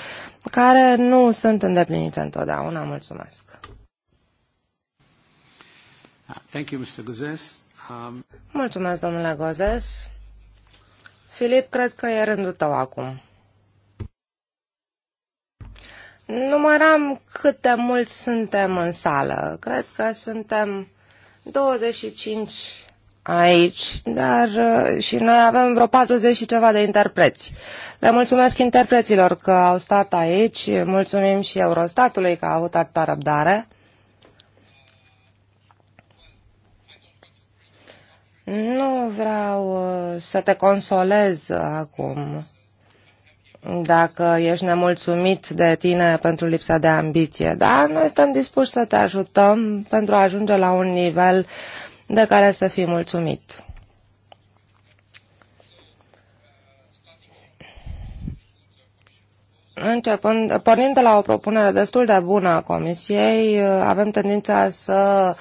care nu sunt îndeplinite întotdeauna. Mulțumesc! Ah, thank you, Mr. Gozes. Um... Mulțumesc, domnule Gozes. Filip, cred că e rândul tău acum număram cât de mulți suntem în sală. Cred că suntem 25 aici, dar uh, și noi avem vreo 40 și ceva de interpreți. Le mulțumesc interpreților că au stat aici, mulțumim și Eurostatului că a avut atâta răbdare. Nu vreau uh, să te consolez acum dacă ești nemulțumit de tine pentru lipsa de ambiție, dar noi suntem dispuși să te ajutăm pentru a ajunge la un nivel de care să fii mulțumit. Începând, pornind de la o propunere destul de bună a Comisiei, avem tendința să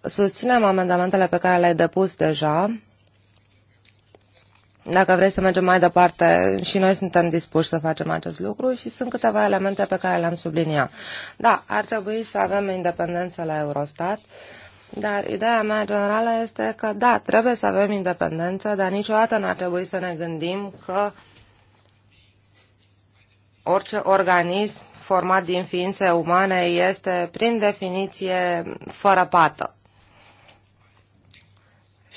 susținem amendamentele pe care le-ai depus deja, dacă vrei să mergem mai departe, și noi suntem dispuși să facem acest lucru și sunt câteva elemente pe care le-am subliniat. Da, ar trebui să avem independență la Eurostat, dar ideea mea generală este că, da, trebuie să avem independență, dar niciodată n-ar trebui să ne gândim că orice organism format din ființe umane este, prin definiție, fără pată.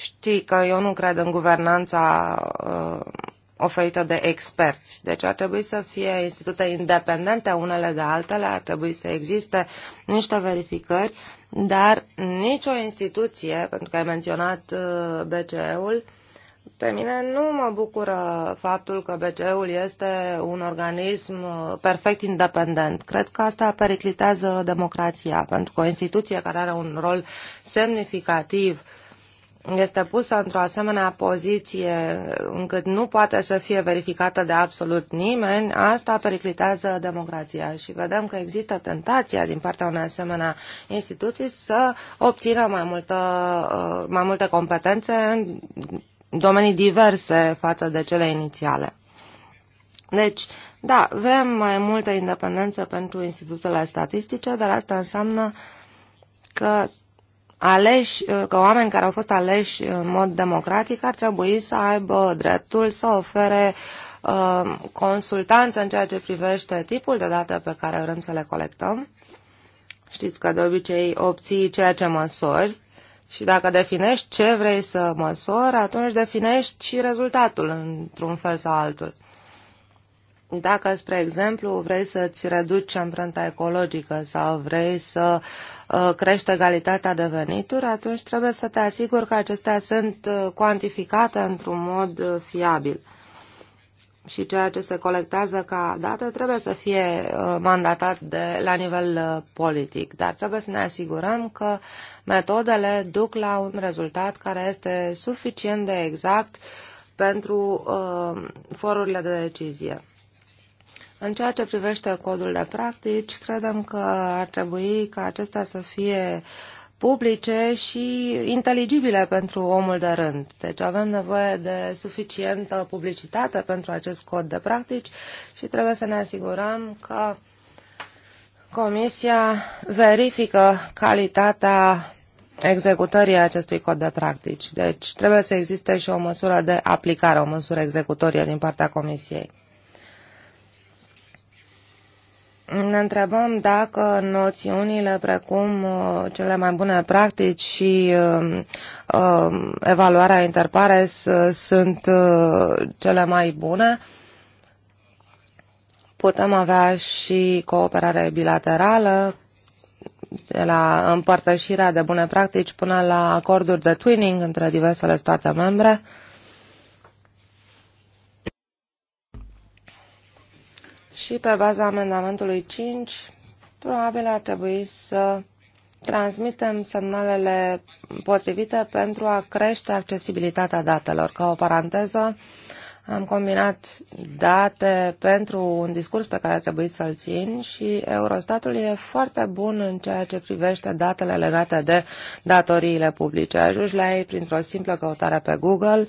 Știi că eu nu cred în guvernanța uh, oferită de experți. Deci ar trebui să fie institute independente unele de altele, ar trebui să existe niște verificări, dar nicio instituție, pentru că ai menționat uh, BCE-ul, pe mine nu mă bucură faptul că BCE-ul este un organism uh, perfect independent. Cred că asta periclitează democrația, pentru că o instituție care are un rol semnificativ uh, este pusă într-o asemenea poziție încât nu poate să fie verificată de absolut nimeni, asta periclitează democrația și vedem că există tentația din partea unei asemenea instituții să obțină mai, multă, uh, mai multe competențe în domenii diverse față de cele inițiale. Deci, da, vrem mai multă independență pentru institutele statistice, dar asta înseamnă că aleși, uh, că oameni care au fost aleși în mod democratic ar trebui să aibă dreptul să ofere uh, consultanță în ceea ce privește tipul de date pe care vrem să le colectăm. Știți că de obicei obții ceea ce măsori și dacă definești ce vrei să măsori, atunci definești și rezultatul într-un fel sau altul. Dacă, spre exemplu, vrei să-ți reduci amprenta ecologică sau vrei să uh, crește egalitatea de venituri, atunci trebuie să te asiguri că acestea sunt uh, cuantificate într-un mod uh, fiabil și ceea ce se colectează ca date trebuie să fie mandatat de, la nivel politic, dar trebuie să ne asigurăm că metodele duc la un rezultat care este suficient de exact pentru uh, forurile de decizie. În ceea ce privește codul de practici, credem că ar trebui ca acestea să fie publice și inteligibile pentru omul de rând. Deci avem nevoie de suficientă publicitate pentru acest cod de practici și trebuie să ne asigurăm că Comisia verifică calitatea executării acestui cod de practici. Deci trebuie să existe și o măsură de aplicare, o măsură executorie din partea Comisiei. ne întrebăm dacă noțiunile precum uh, cele mai bune practici și um, um, evaluarea interpares uh, sunt uh, cele mai bune. Putem avea și cooperare bilaterală, de la împărtășirea de bune practici până la acorduri de twinning între diversele state membre. și pe baza amendamentului 5, probabil ar trebui să transmitem semnalele potrivite pentru a crește accesibilitatea datelor. Ca o paranteză, am combinat date pentru un discurs pe care a trebuit să-l țin și Eurostatul e foarte bun în ceea ce privește datele legate de datoriile publice. Ajungi la ei printr-o simplă căutare pe Google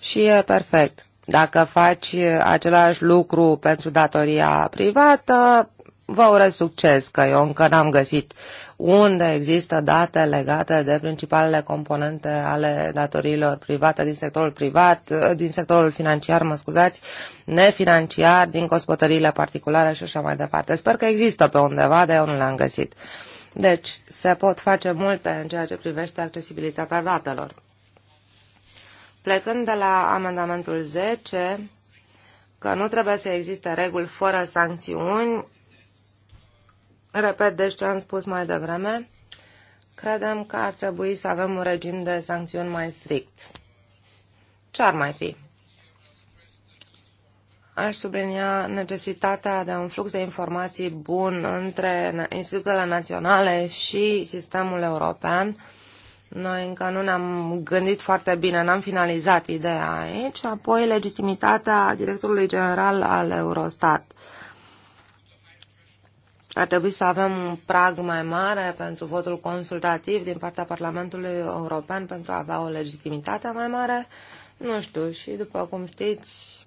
și e perfect. Dacă faci uh, același lucru pentru datoria privată, vă urez succes, că eu încă n-am găsit unde există date legate de principalele componente ale datoriilor private din sectorul privat, uh, din sectorul financiar, mă scuzați, nefinanciar, din gospodăriile particulare și așa mai departe. Sper că există pe undeva, dar eu nu le-am găsit. Deci, se pot face multe în ceea ce privește accesibilitatea datelor. Plecând de la amendamentul 10, că nu trebuie să existe reguli fără sancțiuni, repet deci ce am spus mai devreme, credem că ar trebui să avem un regim de sancțiuni mai strict. Ce ar mai fi? Aș sublinia necesitatea de un flux de informații bun între instituțiile naționale și sistemul european, noi încă nu ne-am gândit foarte bine, n-am finalizat ideea aici, apoi legitimitatea directorului general al Eurostat. Ar trebui să avem un prag mai mare pentru votul consultativ din partea Parlamentului European pentru a avea o legitimitate mai mare. Nu știu, și după cum știți,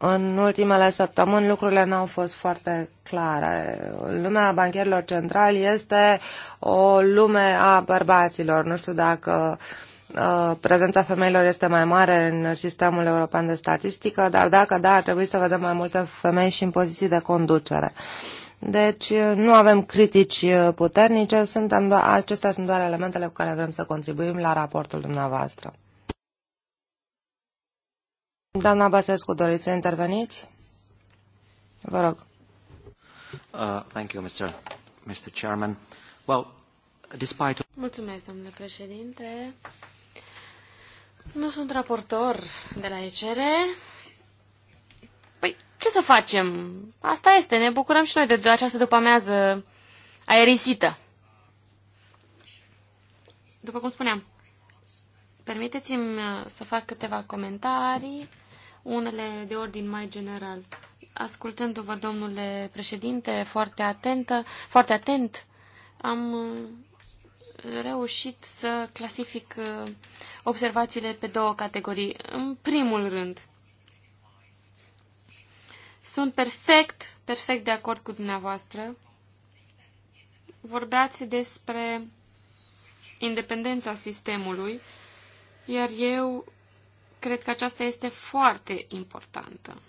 În ultimele săptămâni lucrurile nu au fost foarte clare. Lumea bancherilor centrali este o lume a bărbaților. Nu știu dacă uh, prezența femeilor este mai mare în sistemul european de statistică, dar dacă da, ar trebui să vedem mai multe femei și în poziții de conducere. Deci nu avem critici puternice, suntem doar, acestea sunt doar elementele cu care vrem să contribuim la raportul dumneavoastră. Doamna Basescu, doriți să interveniți? Vă rog. Uh, thank you, Mr. Mr. Chairman. Well, despite... Mulțumesc, domnule președinte. Nu sunt raportor de la ECR. Păi, ce să facem? Asta este, ne bucurăm și noi de această după-amiază aerisită. După cum spuneam, Permiteți-mi uh, să fac câteva comentarii, unele de ordin mai general. Ascultându-vă, domnule președinte, foarte, atentă, foarte atent, am uh, reușit să clasific uh, observațiile pe două categorii. În primul rând, sunt perfect, perfect de acord cu dumneavoastră. Vorbeați despre independența sistemului iar eu cred că aceasta este foarte importantă.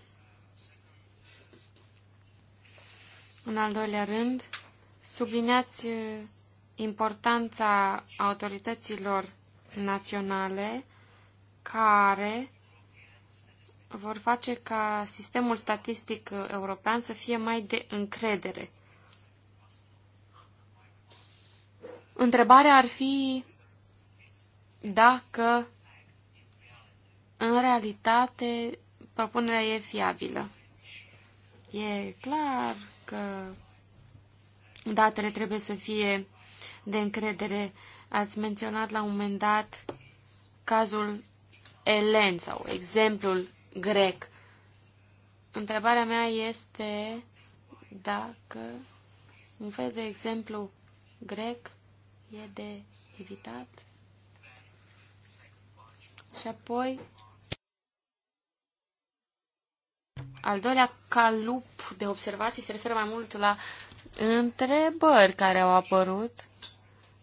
În al doilea rând, subliniați uh, importanța autorităților naționale care vor face ca sistemul statistic uh, european să fie mai de încredere. Întrebarea ar fi dacă în realitate propunerea e fiabilă. E clar că datele trebuie să fie de încredere. Ați menționat la un moment dat cazul Elen sau exemplul grec. Întrebarea mea este dacă un fel de exemplu grec e de evitat și apoi al doilea calup de observații se referă mai mult la întrebări care au apărut.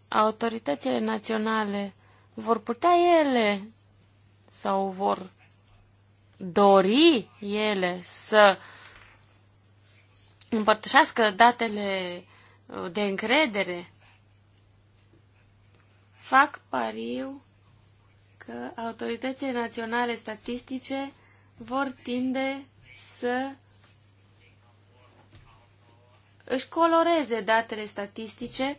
Autoritățile naționale vor putea ele sau vor dori ele să împărtășească datele uh, de încredere, fac pariu că autoritățile naționale statistice vor tinde să își coloreze datele statistice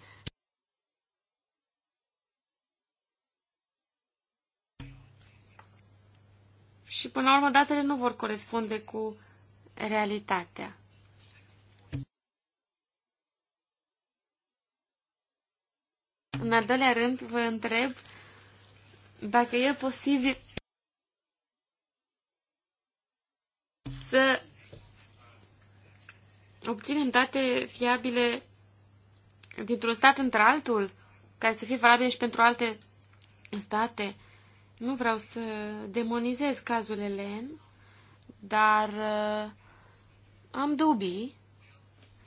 și până la urmă datele nu vor corespunde cu realitatea. În al doilea rând, vă întreb dacă e posibil să obținem date fiabile dintr-un stat într-altul, care să fie valabile și pentru alte state. Nu vreau să demonizez cazul Elen, dar uh, am dubii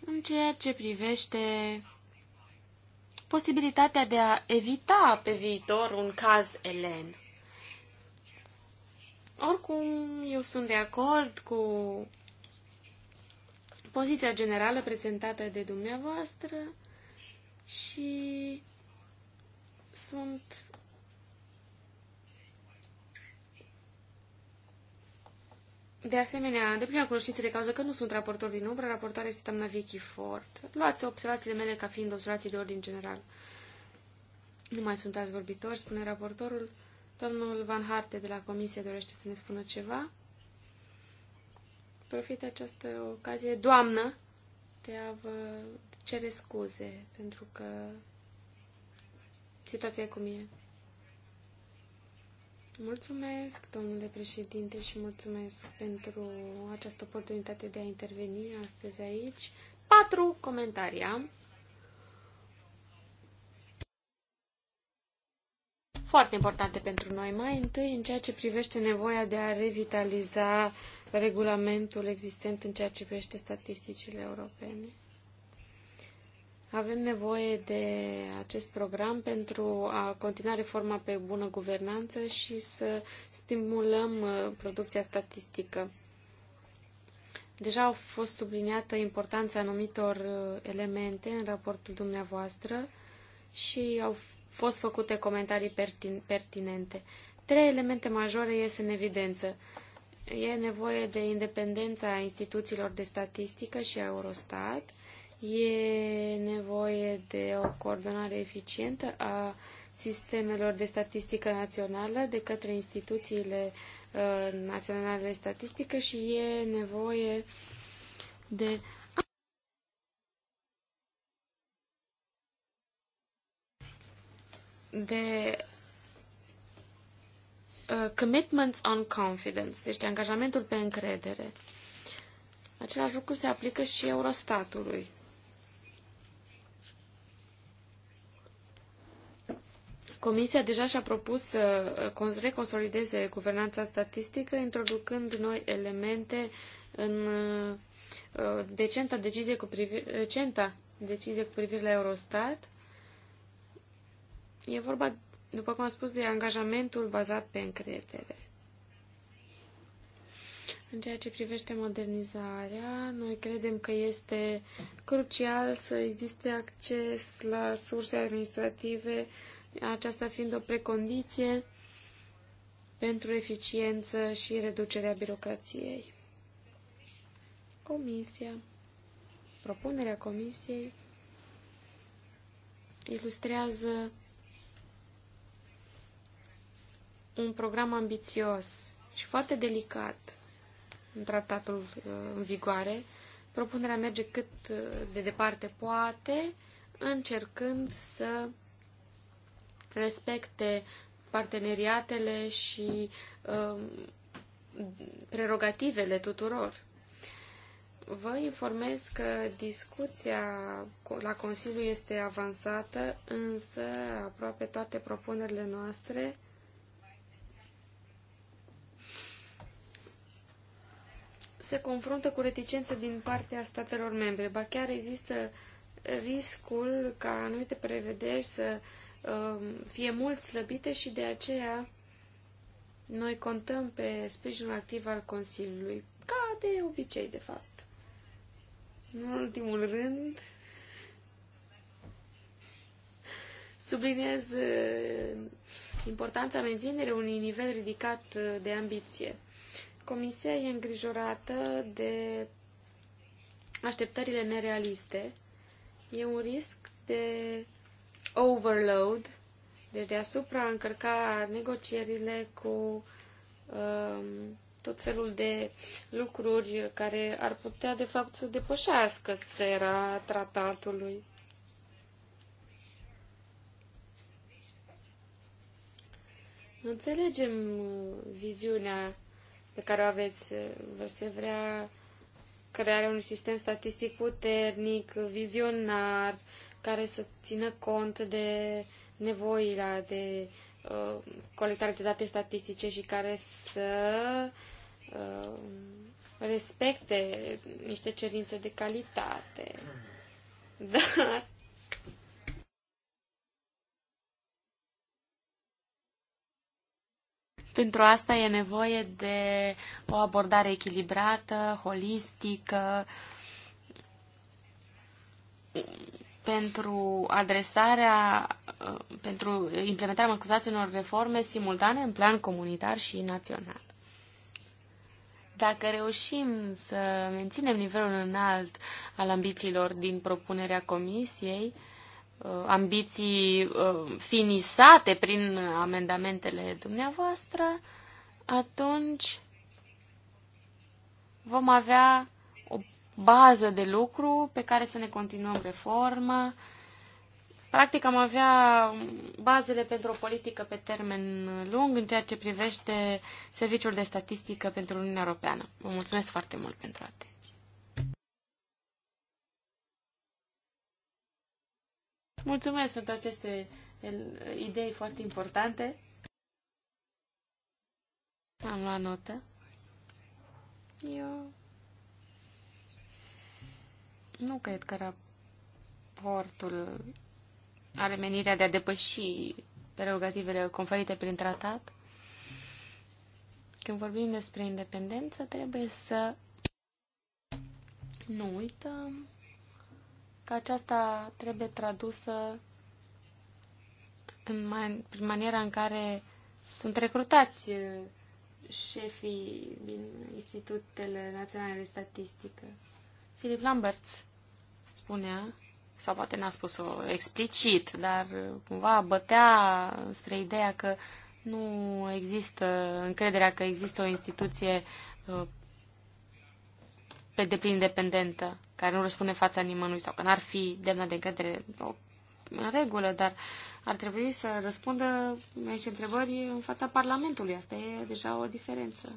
în ceea ce privește posibilitatea de a evita pe viitor un caz elen. Oricum, eu sunt de acord cu poziția generală prezentată de dumneavoastră și sunt De asemenea, de plină cunoștință de cauză că nu sunt raportor din umbră, raportarea este doamna Vicky Ford. Luați observațiile mele ca fiind observații de ordin general. Nu mai sunt azi vorbitori, spune raportorul. Domnul Van Harte de la Comisie dorește să ne spună ceva. Profit această ocazie, doamnă, de a vă cere scuze pentru că situația e cum e. Mulțumesc, domnule președinte, și mulțumesc pentru această oportunitate de a interveni astăzi aici. Patru comentarii am. Foarte importante pentru noi. Mai întâi, în ceea ce privește nevoia de a revitaliza regulamentul existent în ceea ce privește statisticile europene. Avem nevoie de acest program pentru a continua reforma pe bună guvernanță și să stimulăm uh, producția statistică. Deja au fost subliniată importanța anumitor uh, elemente în raportul dumneavoastră și au fost făcute comentarii pertinente. Trei elemente majore ies în evidență. E nevoie de independența instituțiilor de statistică și a Eurostat, E nevoie de o coordonare eficientă a sistemelor de statistică națională de către instituțiile uh, naționale de statistică și e nevoie de de uh, commitments on confidence, deci angajamentul pe încredere. Același lucru se aplică și Eurostatului. Comisia deja și-a propus să uh, reconsolideze guvernanța statistică, introducând noi elemente în uh, uh, decenta decizie cu privire, recenta decizie cu privire la Eurostat. E vorba, după cum am spus, de angajamentul bazat pe încredere. În ceea ce privește modernizarea, noi credem că este crucial să existe acces la surse administrative aceasta fiind o precondiție pentru eficiență și reducerea birocrației. Comisia, propunerea comisiei ilustrează un program ambițios și foarte delicat în tratatul uh, în vigoare. Propunerea merge cât de departe poate, încercând să respecte parteneriatele și um, prerogativele tuturor. Vă informez că discuția la Consiliu este avansată, însă aproape toate propunerile noastre se confruntă cu reticențe din partea statelor membre. Ba chiar există riscul ca anumite prevederi să uh, Um, fie mult slăbite și de aceea noi contăm pe sprijinul activ al Consiliului, ca de obicei, de fapt. În ultimul rând, subliniez uh, importanța menținerii unui nivel ridicat uh, de ambiție. Comisia e îngrijorată de așteptările nerealiste. E un risc de overload, deci deasupra încărca negocierile cu um, tot felul de lucruri care ar putea, de fapt, să depășească sfera tratatului. Înțelegem viziunea pe care o aveți. Se vrea crearea unui sistem statistic puternic, vizionar, care să țină cont de nevoile de uh, colectare de date statistice și care să uh, respecte niște cerințe de calitate. Dar Pentru asta e nevoie de o abordare echilibrată, holistică, pentru adresarea, uh, pentru implementarea, mă scuzați, unor reforme simultane în plan comunitar și național. Dacă reușim să menținem nivelul înalt al ambițiilor din propunerea comisiei, uh, ambiții uh, finisate prin amendamentele dumneavoastră, atunci vom avea bază de lucru pe care să ne continuăm reforma. Practic am avea bazele pentru o politică pe termen lung în ceea ce privește serviciul de statistică pentru Uniunea Europeană. Vă mulțumesc foarte mult pentru atenție. Mulțumesc pentru aceste eh, idei foarte importante. Am luat notă. Eu nu cred că raportul are menirea de a depăși prerogativele conferite prin tratat. Când vorbim despre independență, trebuie să nu uităm că aceasta trebuie tradusă în man- prin maniera în care sunt recrutați uh, șefii din Institutele Naționale de Statistică. Philip Lamberts spunea, sau poate n-a spus-o explicit, dar cumva bătea spre ideea că nu există încrederea că există o instituție uh, pe deplin independentă, care nu răspunde fața nimănui sau că n-ar fi demnă de încredere o, în regulă, dar ar trebui să răspundă aici întrebări în fața Parlamentului. Asta e deja o diferență.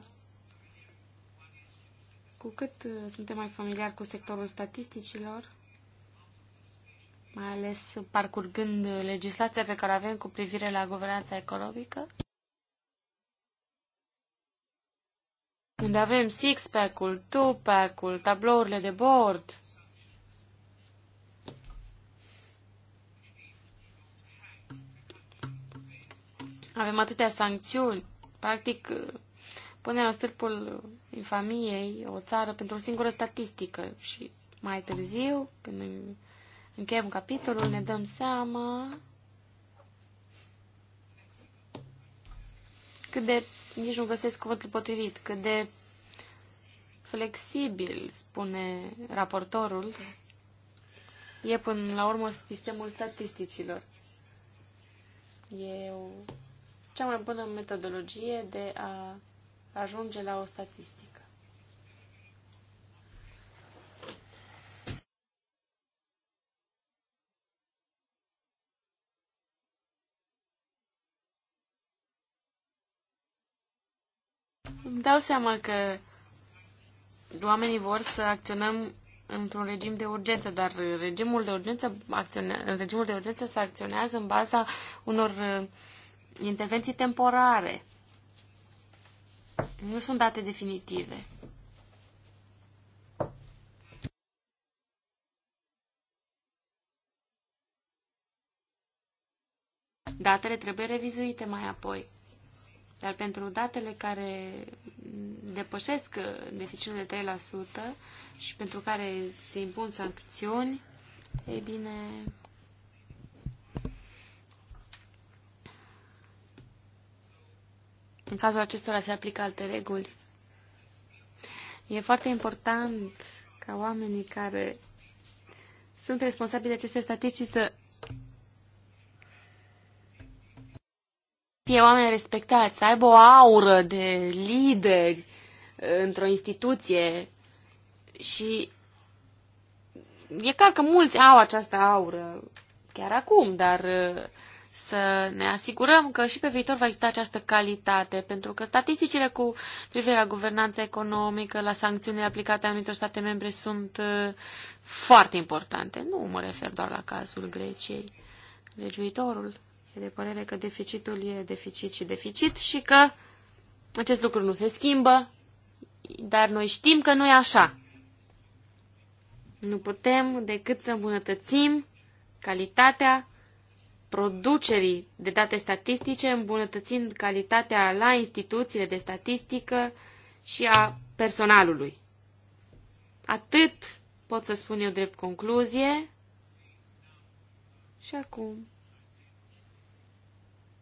Cu cât uh, suntem mai familiari cu sectorul statisticilor, mai ales parcurgând legislația pe care o avem cu privire la guvernanța ecologică, unde avem six-pack-ul, two-pack-ul, tablourile de bord, avem atâtea sancțiuni, practic pune la stârpul infamiei o țară pentru o singură statistică și mai târziu, când Încheiem capitolul, ne dăm seama cât de, nici nu găsesc cuvântul potrivit, cât de flexibil, spune raportorul, e până la urmă sistemul statisticilor. E o, cea mai bună metodologie de a ajunge la o statistică. dau seama că oamenii vor să acționăm într-un regim de urgență, dar regimul de urgență, acționează, regimul de urgență se acționează în baza unor uh, intervenții temporare. Nu sunt date definitive. Datele trebuie revizuite mai apoi. Dar pentru datele care depășesc uh, deficitul de 3% și pentru care se impun sancțiuni, e bine, în cazul acestora se aplică alte reguli. E foarte important ca oamenii care sunt responsabili de aceste statistici să fie oameni respectați, să aibă o aură de lideri uh, într-o instituție și e clar că mulți au această aură chiar acum, dar uh, să ne asigurăm că și pe viitor va exista această calitate, pentru că statisticile cu privire la guvernanța economică, la sancțiunile aplicate anumitor state membre sunt uh, foarte importante. Nu mă refer doar la cazul Greciei. Legiuitorul. Deci e de părere că deficitul e deficit și deficit și că acest lucru nu se schimbă, dar noi știm că nu e așa. Nu putem decât să îmbunătățim calitatea producerii de date statistice, îmbunătățind calitatea la instituțiile de statistică și a personalului. Atât pot să spun eu drept concluzie. Și acum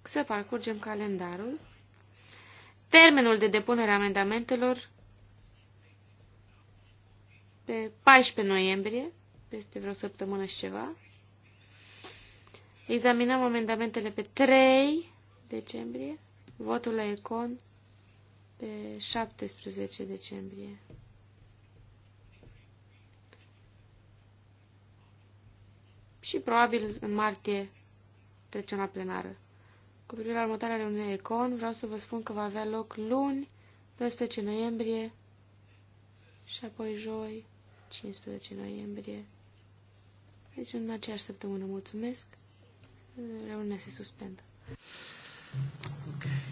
să parcurgem calendarul. Termenul de depunere a amendamentelor pe 14 noiembrie, peste vreo săptămână și ceva. Examinăm amendamentele pe 3 decembrie, votul la Econ pe 17 decembrie. Și probabil în martie trecem la plenară. Cu privire la următoarea reuniune ECON, vreau să vă spun că va avea loc luni, 12 noiembrie, și apoi joi, 15 noiembrie. Deci în aceeași săptămână, mulțumesc. Reuniunea se suspendă. Okay.